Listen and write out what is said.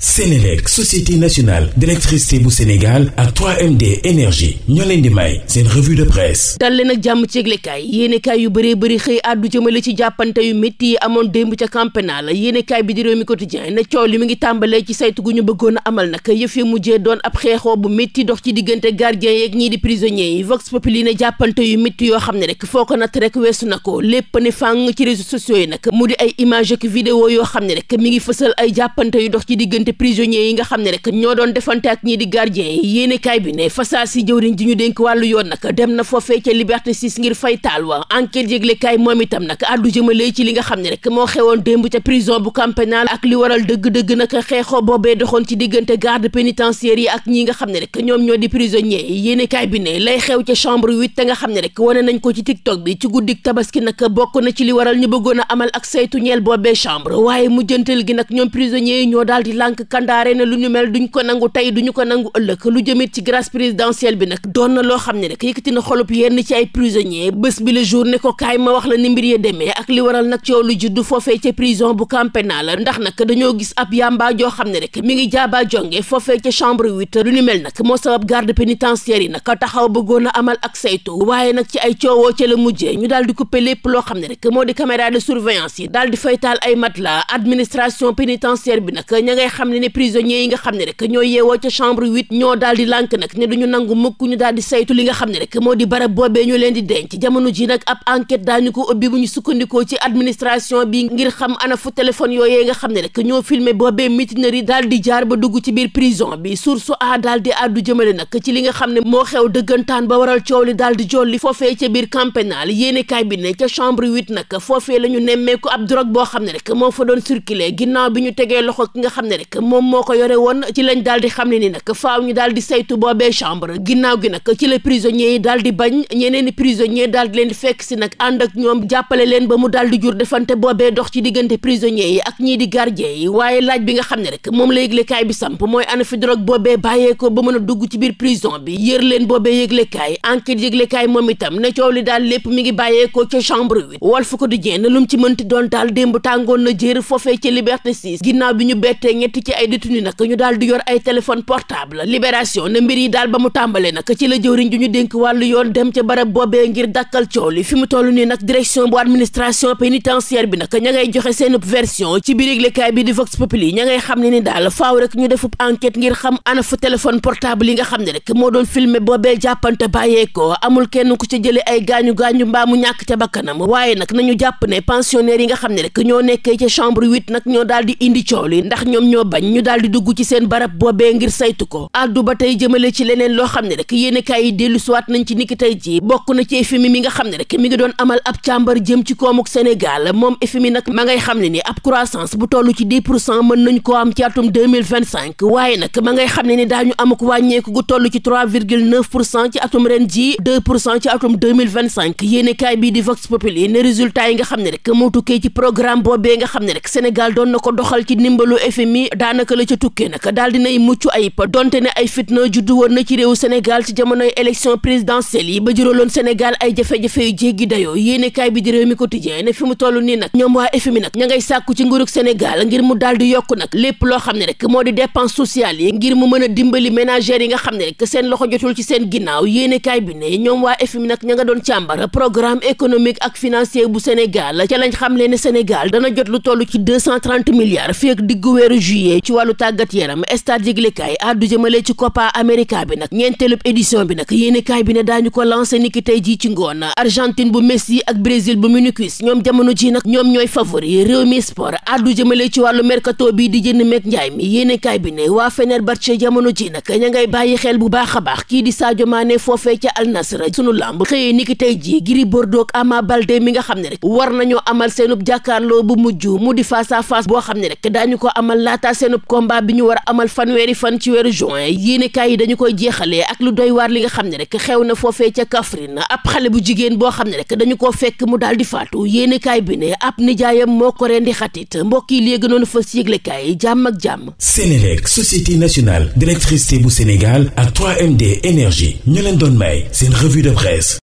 Sénélec société nationale d'électricité bu Sénégal ak 3MD énergie ñoo leen di may seen revue de presse dal leen jàmm ci yëglekaay yu bëree bëri xëy àddu jëmale ci jàppante yu métti yi amoon démb ca camp pénal yéenekaay bi di Rewmi Quotidien na coow li mu ngi tàmbalee ci saytu gu ñu bëggoon amal nag yëf ya mujjee doon ab xeexoo bu métti dox ci diggante gardien yeeg ñii di prisonniers yi Vox Populi ne jàppante yu métti yoo xam ne rek foo ko natt rek weesu na ko lépp ci réseaux sociaux yi nag mu di ay image ak yoo xam ne rek mi ngi fësal ay jàppante yu dox ci diggante diggante prisonniers yi nga xam ne rek ñoo doon defante ak ñii di gardien yi yéenekaay bi ne fasaa si jëwriñ ji ñu dénk wàllu yoon nag dem na foofee ca liberté 6 ngir fay taal wa enquête yëglekaay moom itam nag àddu jëmale ci li nga xam ne rek moo xewoon démb ca prison bu camp pénal ak li waral dëgg-dëgg nag xeexoo boobee doxoon ci diggante garde pénitentiaire yi ak ñi nga xam ne rek ñoom ñoo di prisonniers yi yéenekaay bi ne lay xew ca chambre 8 te nga xam ne rek wane nañ ko ci tiktok bi ci guddik tabaski nag bokk na ci li waral ñu bëggoon a amal ak saytu ñeel boobee sànq kandaare ne lu ñu mel duñ ko nangu tey duñu ko nangu ëllëg lu jëmit ci grâce présidentielle bi nag doon na loo xam ne rek yëkkati na xolub yenn ci ay prisonnier bés bi le la ndax nag dañoo gis ab yamba xam ne rek mi ngi jaaba foofee ca chambre huit lu ñu mel nag moo sabab garde pénitentiaire yi nag taxaw bëggoon a amal ak saytu waaye nag ci ay coowoo ca la mujjee ñu daal di lépp loo xam ne rek moo di caméra de surveillance yi daal di bi nag ña xam ne ne prisonniers yi nga xam ne rek ñoo yeewoo ca chambre huit ñoo daal di lànk nag ne nangu mukk ñu daal saytu li nga xam ne rek moo di barab boobee ñu leen di denc jamono ji nag ab enquête daañu ko ubbi bu ñu sukkandikoo ci administration bi ngir xam ana fu téléphone yooyee nga xam ne rek ñoo filmé boobee mutinerie daal jaar ba dugg ci biir prison bi source a daal di àddu jëmale nag ci li nga xam ne moo xew dëggantaan ba waral coow li daal di jolli foofee ca biir camp pénal yéenekaay bi ne ca chambre huit nag foofee la ñu nemmeeku ab drogue boo xam ne rek moo fa bi ñu tegee loxo ki nga xam ne rek moom moo ko yore woon ci lañ daal di xam ne ni nag faaw ñu daal di saytu boobee chambre ginnaaw gi nag ci la prisonniers yi daal di bañ ñeneeni prisonniers daal di leen di fekk si nag ànd ak ñoom jàppale leen ba mu daal di jur defante boobee dox ci diggante prisonniers yi ak ñii di gardien yi waaye laaj bi nga xam ne rek moom la yëglekaay bi samp mooy ana fi drogue boobee bàyyee ko ba mën a dugg ci biir prison bi yër leen boobee yëglekaay enquête yëglekaay moom itam lépp mi ngi bàyyeekoo ca chambre wi Walf Quotidien lu mu ci mënti doon daal démb tàngoon ci ay détenu nag ñu daal di yor ay téléphone portable libération ne mbir yi daal ba mu tàmbalee nag ci la jëwriñ ju ñu dénk wàllu yoon dem ca barab boobee ngir dàkkal coow li fi mu toll nii nag direction bu administration pénitentiaire bi nag ña ngay joxe seen version ci biir yëglekaay bi di Vox Populi ña ngay xam ne ni daal faaw rek ñu defub enquête ngir xam ana fu téléphone yi nga xam ne rek moo doon filmer boobee jàppante bàyyeekoo amul kenn ku ci jëlee ay gaañu gaañu mbaa mu ñàkk ca bakkanam waaye nag nañu jàpp ne pensionnaires yi nga xam ne rek ñoo nekkee ca chambre huit nag ñoo daal di indi coow li ndax bañ ñu daal di dugg ci seen barab boobee ngir saytu ko addu ba tey jëmale ci leneen loo xam ne rek yéenekaay yi dellu siwaat nañ ci niki tey jii bokk na ci FMI mi nga xam ne rek mi ngi doon amal ab càmbar jëm ci koomuk Sénégal ngay xam ne ni ab croissance bu toll ci 10 pour cent mën nañ ko am ci atum 2025 waaye nag ma ngay xam ne ni daañu amuk wàññeeku gu toll ci 3 virgule 9 pour cent ci atum ren ji 2 pour cent ci atum 2025 bii di Vox Populi ne résultat yi nga xam ne rek moo tukkee ci programme boobee nga xam ne rek Sénégal doon na ko doxal ci ndimbalu daanaka la ca tukkee nag daal mucc ayib donte ne ay fitna juddu woon na ci réewu Sénégal ci jamonoy élection présidentielle yi ba juróoloon Sénégal ay jafe-jafe yu jéggi dayoo yéenekaay bi di réew mi quotidien ne fi mu toll nii nag ñoom waa FMI nag ña ngay sàkku ci nguurug Sénégal ngir mu daal di yokk nag lépp loo xam ne rek moo di dépense sociale yi ngir mu mën a dimbali ménagères yi nga xam ne rek seen loxo jotul ci seen ginnaaw yéenekaay bi ne ñoom waa FMI nag ña nga doon càmbar programme économique ak financier bu Sénégal ca lañ xam leen ne Sénégal dana jot lu toll ci deux cent trente milliards fii ak diggu weeru juillet février ci wàllu tàggat yaram stade yëglekaay addu jëmale ci Copa América bi nag ñeenteelub édition bi nag yéenekaay bi ne daañu ko lancé niki tey jii ci ngoon Argentine bu Messi ak Brésil bu Muniquis ñoom jamono ji nag ñoom ñooy favori réew mi sport addu jëmale ci wàllu mercato bi di jënd meeg njaay mi yéenekaay bi ne waa Fenerbahçe jamono ji nag ña ngay bàyyi xel bu baax a baax kii di Sadio foofee ca Al Nassr sunu làmb xëyee niki tey Gris Bordeaux seenub combat bi ñu war a amal fanweeri fan ci weeru join yéenekaay yi dañu koy jeexalee ak lu doy waar li nga xam ne rek xew na foofee ca Kaffrine ab xale bu jigéen boo xam ne rek dañu ko fekk mu daal di faatu yéenekaay bi ne ab nijaayam moo ko rendi xatit mbokk yi léegi noonu fas yëglekaay jàmm ak jàmm Sénélec société nationale d'électricité bu Sénégal ak 3MD énergie ñu leen doon may seen revue de presse